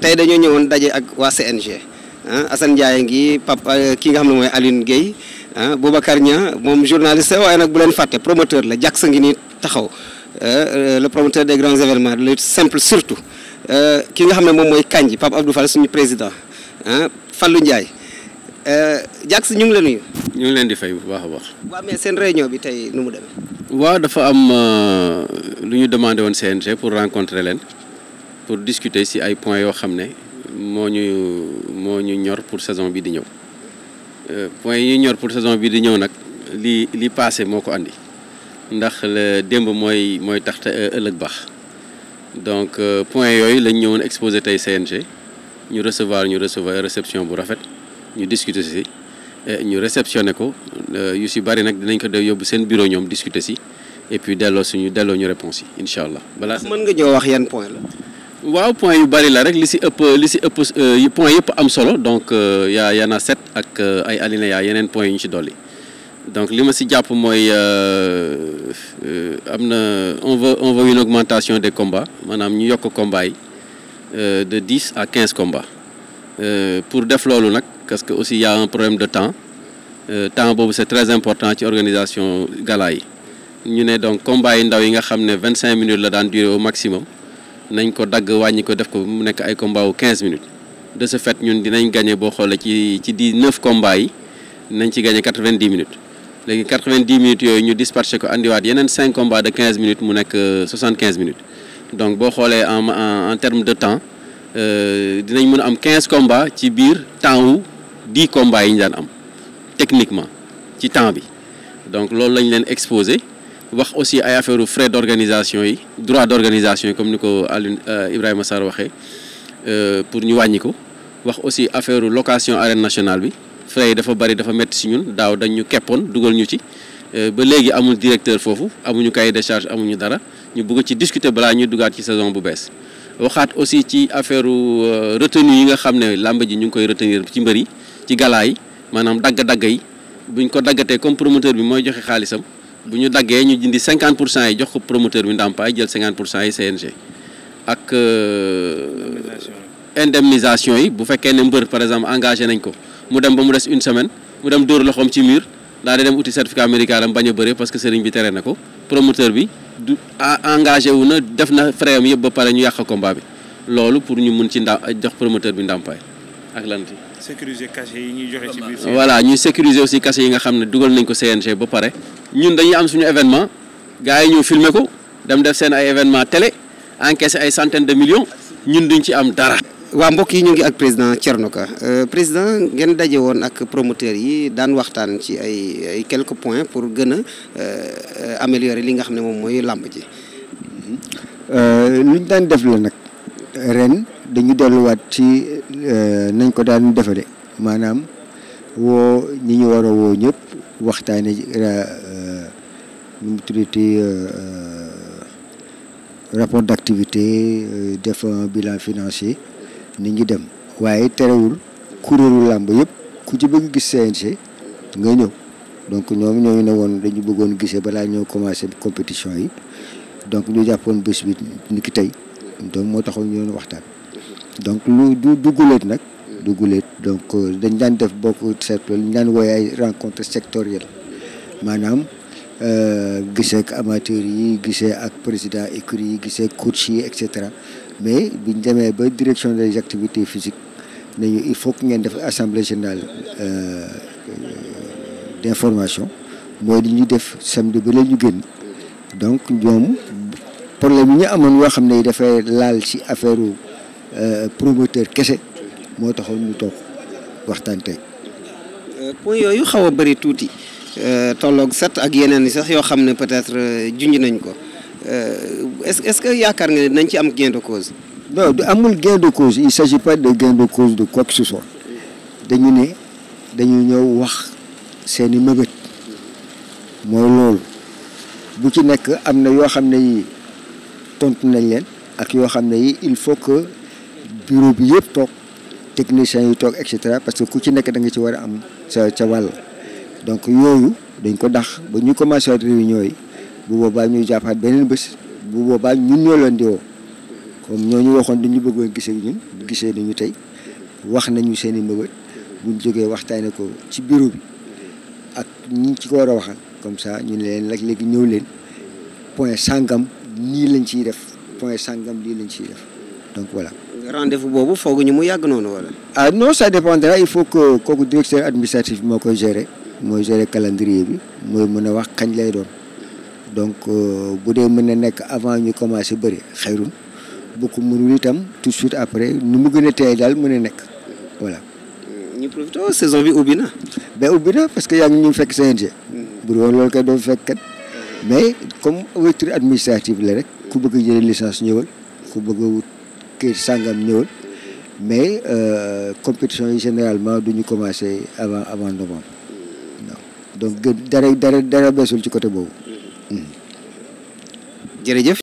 tey dañoo ñëwoon daje ak waa CNG ah Assane a ngi pap euh, ki nga xam ne mooy Aline Gueye ah Boubacar Nia moom journaliste waaye nag bu leen fàtte promoteur la jàkk sa ngi nii taxaw euh, le promoteur des grands événements le simple surtout euh, ki nga ne moom mooy Kandji Pape Abdou Fall suñu président ah Fallou Ndiaye jàkk si ñu ngi la nuyu. ñu ngi leen di fay bu baax a baax. waaw mais seen réunion bi tey nu mu demee. waaw dafa am lu ñu demandé woon CNG pour rencontrer leen. pour discuter si ay points yoo xam ne moo ñu moo ñu ñor pour saison bi di ñëw euh, point yi ñu ñor pour saison bii di ñëw nag li li passé moo ko andi ndax la démb mooy mooy tax te euh, ëllëg baax donc euh, points yooyu lañ ñëwoon exposé tey CNG ñu recevoir ñu recevoir réception bu rafet ñu discuter ci ñu réceptionné ko yu ci bari nag dinañ ko de yóbbu seen bureau ñoom discuter si et puis delloo suñu delloo ñu réponse yi incha allah. balaa mën nga ñëw wax yan point la. waaw point yu bari la rek li si ëpp li si ëpp euh, point yëpp am solo donc euh, yaa yaa na set ak euh, ay alinéa yeneen point yu ñu ci dolli donc li ma si jàpp mooy am na on veut on veut une augmentation des combats maanaam ñu yokk combats yi de dix à quinze combats pour def loolu nag parce que aussi y un problème de temps temps boobu c'est très important ci organisation gala yi ñu ne donc combats yi ndaw yi nga xam ne vingt cinq minutes la daan durer au maximum. nañ ko dagg wàññi ko def ko mu nekk ay combat wu 15 minutes de ce fait ñun dinañ gagné boo xoolee ci ci 19 combats yi nañ ci gagné 90 minutes léegi 90 minutes yooyu ñu dispatché ko andiwaat yeneen 5 combats de 15 minutes mu nekk 75 euh, minutes donc boo xoolee en en en terme de temps euh, dinañ mën a am 15 combats ci biir temps wu 10 yi ñu daan am techniquement ci temps bi donc loolu lañ leen exposé. wax aussi ay affaire frais d' organisation yi droit d' organisation yi comme ni ko Alioune euh, Ibrahima Sarr waxee euh, pour ñu wàññi ko wax aussi affaire location arène nationale bi frais yi dafa bari dafa métti si ñun daaw dañ ñu keppoon dugal ñu ci euh, ba léegi amul directeur foofu amuñu cahier de amuñu dara ñu bugg ci discuter balaa ñuy dugaat ci saison bu bees waxaat aussi ci affaire retenue yi nga xam ne làmb ji ñu ngi koy retenir ci mbër yi ci galaa maanaam dagg-dagg yi buñ ko daggatee comme promoteur bi mooy joxe xaalisam bu ñu daggee ñu jindi cinquante pour cent yi jox ko promoteur bi ndàmpaay jël 50 pour cent yi CNG ak euh, indemnisation yi bu fekkee ne mbër par exemple engagé nañ ko mu dem ba mu des une semaine mu dem dóor loxoom ci miir daal di dem uti certificat médical am bañ a parce que sëriñ bi tere na ko promoteur bi du engagé wu na def na frais am yëpp ba pare ñu yàq combat bi loolu pour ñu mun ci nda jox promoteur bi ndàmpaay ak lan. sécuriser cachet yi ñuy joxe ci biir. voilà ñuy sécuriser aussi cachet yi nga xam ne dugal nañ ko CNG ba pare. ñun dañuy am suñu événement gars yi ñëw filmer ko dem def seen ay événement télé encaissé ay centaines de millions ñun duñ ci am dara. waa mbokk yi ñu ngi ak président Thierno Ka euh, président ngeen daje woon ak promoteur yi daan waxtaan ci ay ay quelques points pour gën a euh, améliorer li nga xam ne moom mooy làmb ji. lu euh, ñu daan def la nag ren dañu delluwaat ci. Euh, nañ ko daan defare maanaam woo ñi ñu war woo ñëpp waxtaane euh, nu mu tuddati euh, rapport d'activité def un bilan financier ni ngi dem waaye terewul kuréelu làmb yëpp ku ci bëgg gis CNG nga ñëw donc ñoom ñooñu ne woon dañu bëggoon gisee balaa ñëw commencé compétition yi donc ñu jàppoon bés bi tey donc moo taxoon ñu doon waxtaan donc lu du du guleet nag du guleet donc euh, dañ daan def bokk seetlu ñu daan wooye ay rencontre sectorielle maanaam euh, gisee ak amateur yi gisee ak président écurie yi gisee coach yi et cetera mais biñ demee ba direction des activités physiques nañu il faut que ngeen def assemblée générale euh, d'information mooy li ñuy def samedi ba la ñu génn donc ñoom problème yi ñu amoon yoo xam ne dafay laal ci affaire Euh, promoteur kese moo taxoon mu toog waxtaan tey. Euh, point yooyu xaw a bëri tuuti euh, tolloog set ak yeneen yi sax yoo xam ne peut-être junj nañ ko est-ce est-ce que yaakaar nga ne nañ ci am gain de cause. non amul gain de cause il s'agit pas de gain de cause de quoi que ce soit dañu ne dañu ñëw wax seeni mëbët mooy loolu bu ci nekk am na yoo xam ne yi tontu nañ leen ak yoo xam ne yi il faut que. bureau bi yëpp toog techniciens yu toog et cetera parce que ku ci nekk da nga ci war a am sa ca wàll donc yooyu dañ ko dax ba ñu commencé waat réunion yi bu boobaa ñuy jàppaat beneen bés bu boobaa ñun ñoo leen di woo comme ñooñu waxoon dañu bëggoon gisee ñun gisee nañu tey wax nañu seen i mbëbët buñ jógee waxtaanee ko ci bureau ak ñi ci ko war a waxal comme ça ñu ne leen nag léegi ñëw leen point sangam nii lañ ciy def point sangam lii lañ ciy def. donc voilà. rendez-vous boobu fooguñu mu yàgg noonu wala. ah non ça dépendra il faut que kooku directeur administratif moo koy gérer mooy gérer calendrier bi mooy mën a wax kañ lay doon donc euh, bu dee mën na nekk avant ñu commencé bëri xayrun bu ko mënul itam tout suite après nu mu gën a teey daal mën a nekk voilà. ñu profité saison bi ubbi na. mais ubbi na parce que yaa ngi ñu fekk CNG. bu dul woon loolu kay doo fekk kat mais comme ouverture administrative la rek ku bëgg a jëlee licence ñëwal ku bëgg a kër sàngam ñëwal mais euh, compétition yi généralement du ñu commencé avant avant novembre donc dara dara dara beesul ci côté boobu. Hmm. jërëjëf.